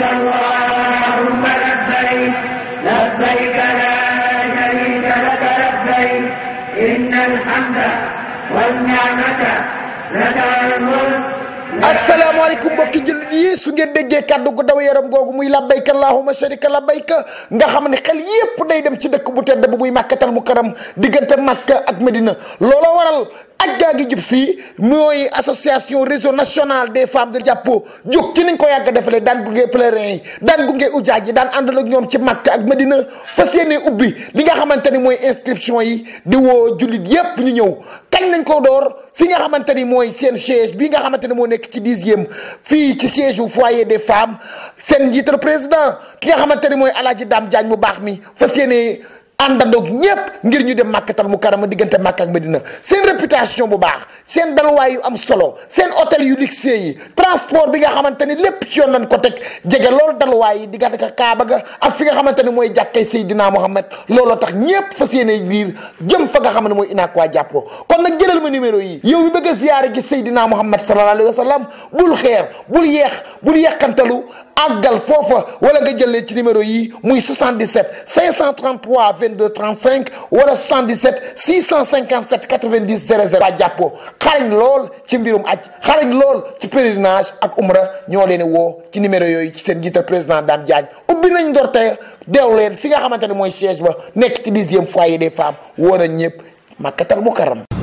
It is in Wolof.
لبيك اللهم لبيك لبيك لا شريك لك لبيك إن الحمد والنعمة لك الملك assalamualaikum mbokk yi jël yi su ngeen déggee kaddu ya gu daw yaram googu muy labayka allahuma sharika labayka nga xam ne xel yépp day dem ci dëkk bu tedd bu muy makkatal mu karam diggante makka ak medina loolo waral agga gi jub si mooy association réseau national des femmes de japo jóg ci niñ ko yàgg defale daan gunge pleurin yi daan gunge ujaaj ak ñoom ci makka ak medina fas ubi ubbi li nga xamante ni inscription yi di woo julit yépp ñu ñëw kañ lañ ko door fi nga siège bi nga xamanteni mo nek ci 10 vous fi ci siège foyer des femmes sen président ki nga xamanteni moy dam mu mi àndandoog ñépp ngir ñu dem màkkatal mu karama diggante màkk ak Medina seen réputation bu baax seen dalwaay yu am solo seen hôtel yu luxe yi transport bi nga xamante ni lépp ci yoon lañ ko teg jege loolu dalwaay yi diggante ka Kaaba ga ak fi nga xamante ni mooy jàkkay Seydina Muhammad looloo tax ñépp fas yéene biir jëm fa nga xam ne mooy inaakuwaa jàppoo kon nag jëlal ma numéro yi yow bi bëgg a ziyaare gi Seydina Muhammad sallallahu alayhi wa sallam bul xeer bul yeex bul yeqantalu àggal foofa wala nga jëlee ci numéro yi muy 77 533 82 35 wala 77 657 90 00 waa jàppoo xarañ lool ci mbirum aj xarañ lool ci pèlerinage ak umra ñoo leen woo ci numéro yooyu ci seen jiital président Dame Diagne ubbi nañ ndorte deew leen fi nga xamante ne mooy siège ba nekk ci dixième foyer des femmes woo nañ ñëpp Makkatal Mukarram